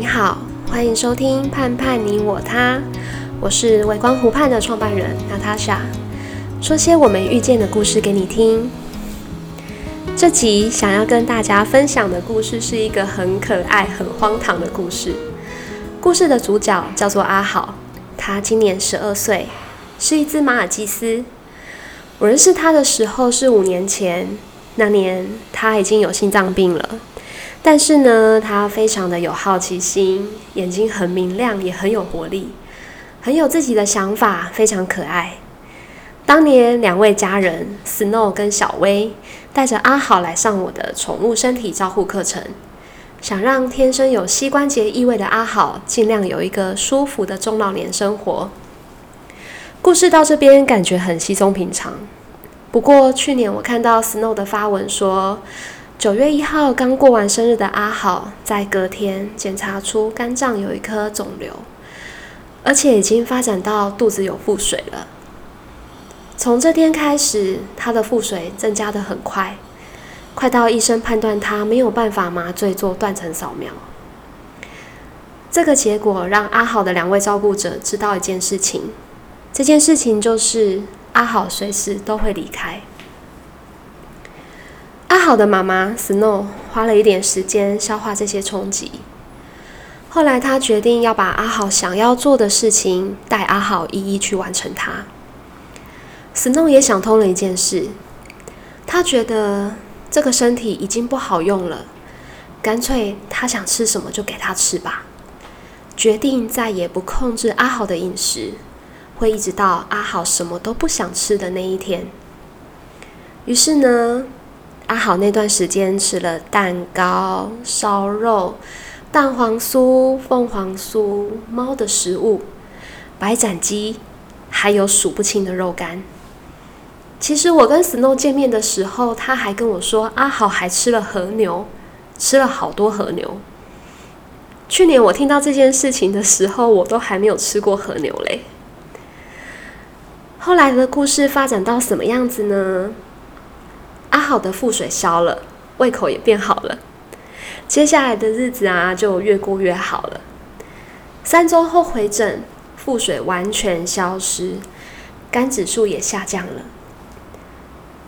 你好，歡迎收聽《盼盼你我他》，我是微光湖盼的創辦人娜塔莎，說些我們遇見的故事給你聽。這集想要跟大家分享的故事是一個很可愛、很荒唐的故事。故事的主角叫做阿好，他今年十二歲，是一隻馬爾濟斯。我認識他的時候是五年前。那年，他已經有心臟病了，但是呢，他非常的有好奇心，眼睛很明亮，也很有活力，很有自己的想法，非常可愛。當年，兩位家人 Snow 跟小薇帶着阿好來上我的寵物身體照護課程，想讓天生有膝關節異位的阿好盡量有一個舒服的中老年生活。故事到這邊，感覺很稀鬆平常。不過去年我看到 Snow 的發文說，九月一號剛過完生日的阿好，在隔天檢查出肝臟有一顆腫瘤，而且已經發展到肚子有腹水了。從這天開始，他的腹水增加得很快，快到醫生判斷他沒有辦法麻醉做斷層掃描。這個結果讓阿好的兩位照顧者知道一件事情，這件事情就是。阿好隨時都會離開。阿好的媽媽 Snow 花了一點時間消化這些衝擊，後來他決定要把阿好想要做的事情帶阿好一一去完成。他 Snow 也想通了一件事，他覺得這個身體已經不好用了，乾脆他想吃什麼就給他吃吧，決定再也不控制阿好的飲食。會一直到阿好什麼都不想吃的那一天。於是呢，阿好那段時間吃了蛋糕、燒肉、蛋黃酥、鳳凰酥、貓的食物、白斬雞，還有數不清的肉乾。其實我跟 Snow 見面的時候，他還跟我說阿好還吃了和牛，吃了好多和牛。去年我聽到這件事情的時候，我都還沒有吃過和牛嘞。後來的故事發展到什麼樣子呢？阿好的腹水消了，胃口也變好了。接下來的日子啊，就越過越好了。三周後回診，腹水完全消失，肝指數也下降了。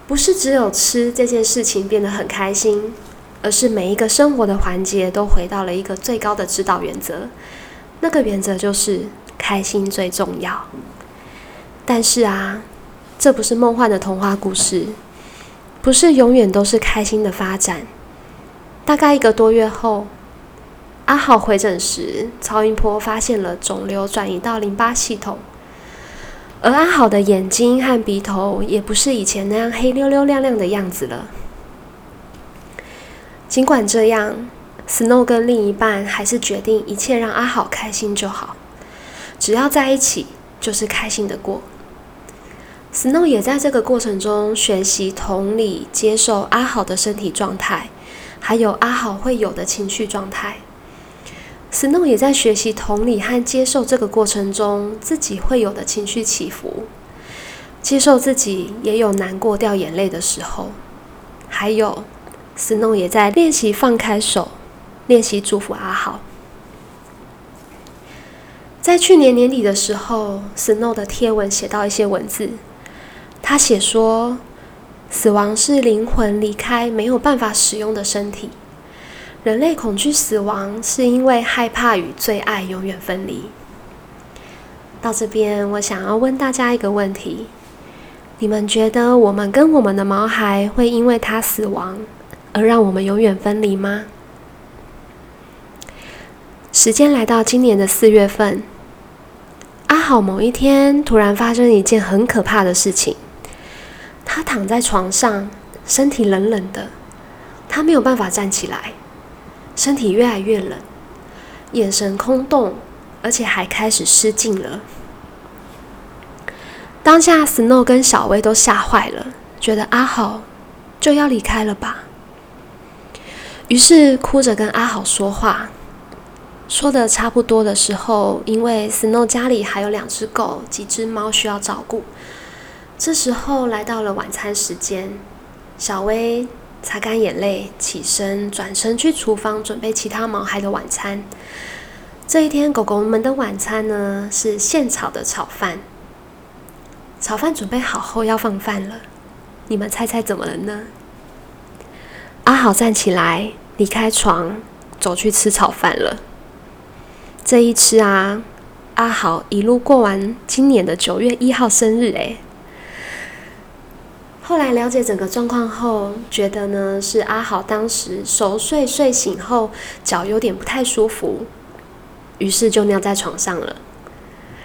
不是只有吃這件事情變得很開心，而是每一個生活的環節都回到了一個最高的指導原則，那個原則就是開心最重要。但是啊，這不是夢幻的童話故事，不是永遠都是開心的發展。大概一個多月後，阿好回診時，超音波發現了腫瘤轉移到淋巴系統，而阿好的眼睛和鼻頭也不是以前那樣黑溜溜亮亮的樣子了。儘管這樣，Snow 跟另一半還是決定一切讓阿好開心就好，只要在一起就是開心的過。Snow 也在這個過程中學習同理、接受阿好的身體狀態，還有阿好會有的情緒狀態。Snow 也在學習同理和接受這個過程中自己會有的情緒起伏，接受自己也有難過、掉眼淚的時候。還有，Snow 也在練習放開手，練習祝福阿好。在去年年底的時候，Snow 的貼文寫到一些文字。他寫說：“死亡是靈魂離開沒有辦法使用的身體。人類恐懼死亡，是因為害怕與最愛永遠分離。”到這邊，我想要問大家一個問題：你們覺得我們跟我們的毛孩會因為他死亡而讓我們永遠分離嗎？時間來到今年的四月份，阿好某一天突然發生一件很可怕的事情。他躺在床上，身體冷冷的，他沒有辦法站起來，身體越來越冷，眼神空洞，而且還開始失禁了。當下，Snow 跟小薇都嚇壞了，覺得阿好就要離開了吧，於是哭着跟阿好說話，說得差不多的時候，因為 Snow 家裡還有兩只狗、幾隻貓需要照顧。這時候來到了晚餐時間，小薇擦乾眼淚，起身轉身去廚房準備其他毛孩的晚餐。這一天，狗狗們的晚餐呢是現炒的炒飯。炒飯準備好後要放飯了，你們猜猜怎麼了呢？阿好站起來，離開床，走去吃炒飯了。這一吃啊，阿好一路過完今年的九月一號生日誒，哎。後來了解整個狀況後，覺得呢是阿好當時熟睡，睡醒後腳有點不太舒服，於是就尿在床上了，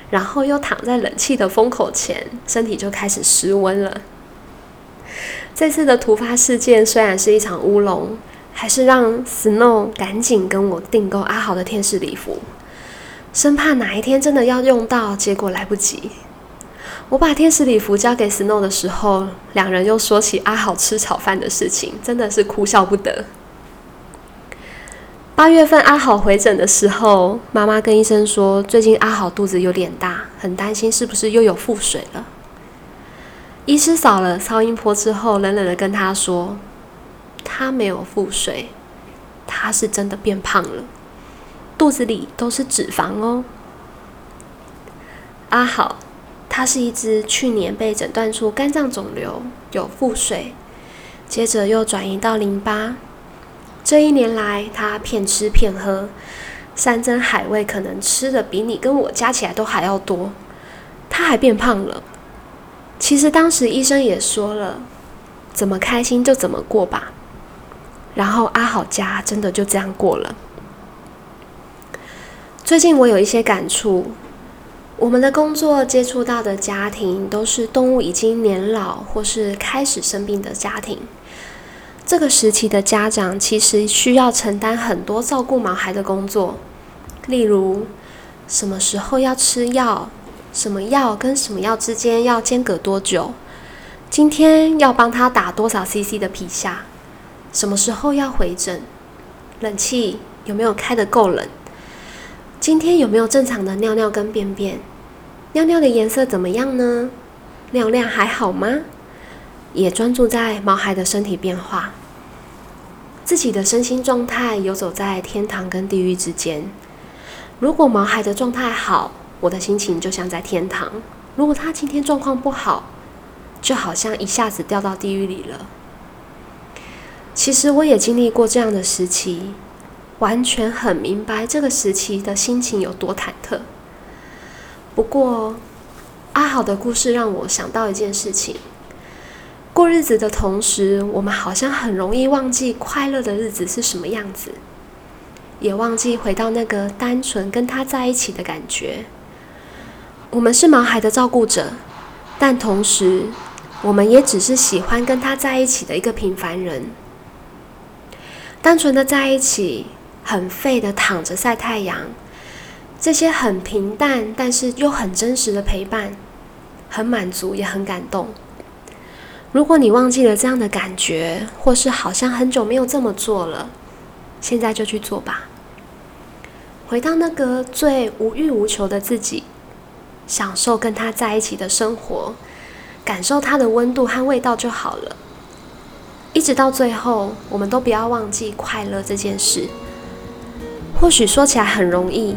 然後又躺在冷氣的風口前，身體就開始失溫了。這次的突發事件雖然是一場烏龍，還是讓 Snow 趕緊跟我訂購阿好的天使禮服，生怕哪一天真的要用到，結果來不及。我把天使禮服交給 Snow 的時候，兩人又說起阿好吃炒飯的事情，真的是哭笑不得。八月份阿好回診的時候，媽媽跟醫生說，最近阿好肚子有點大，很擔心是不是又有腹水了。醫師掃了超音波之後，冷冷的跟他說：“他沒有腹水，他是真的變胖了，肚子裡都是脂肪哦。阿豪”阿好。他是一隻去年被診斷出肝臟腫瘤，有腹水，接着又轉移到淋巴。這一年來，他騙吃騙喝，山珍海味可能吃的比你跟我加起來都還要多。他還變胖了。其實當時醫生也說了，怎麼開心就怎麼過吧。然後阿好家真的就這樣過了。最近我有一些感觸。我們的工作接觸到的家庭，都是動物已經年老或是開始生病的家庭。這個時期的家長其實需要承擔很多照顧毛孩的工作，例如什麼時候要吃藥，什麼藥跟什麼藥之間要間隔多久，今天要幫他打多少 cc 的皮下，什麼時候要回診，冷氣有沒有開得夠冷？今天有沒有正常的尿尿跟便便？尿尿的顏色怎麼樣呢？尿量還好嗎？也專注在毛孩的身體變化，自己的身心狀態游走在天堂跟地獄之間。如果毛孩的狀態好，我的心情就像在天堂；如果他今天狀況不好，就好像一下子掉到地獄裡了。其實我也經歷過這樣的時期。完全很明白這個時期的心情有多忐忑。不過，阿好的故事讓我想到一件事情，過日子的同時，我們好像很容易忘記快樂的日子是什麼樣子，也忘記回到那個單純跟他在一起的感覺。我們是毛孩的照顧者，但同時，我們也只是喜歡跟他在一起的一個平凡人，單純的在一起。很廢的躺着曬太陽，這些很平淡，但是又很真實的陪伴，很滿足，也很感動。如果你忘記了這樣的感覺，或是好像很久沒有這麼做了，現在就去做吧。回到那個最無欲無求的自己，享受跟他在一起的生活，感受他的溫度和味道就好了。一直到最後，我們都不要忘記快樂這件事。或許說起來很容易，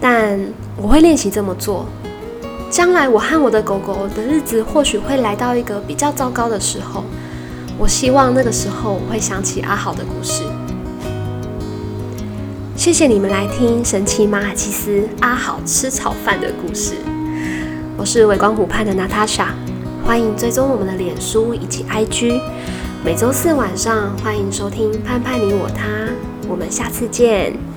但我會練習這麼做。將來我和我的狗狗的日子，或許會來到一個比較糟糕的時候。我希望那個時候，我會想起阿好的故事。謝謝你們來聽《神奇馬爾濟斯阿好吃炒飯》的故事。我是微光湖盼的娜塔莎，歡迎追蹤我們的臉書以及 IG。每周四晚上，歡迎收聽《盼盼你我他》。我們下次見。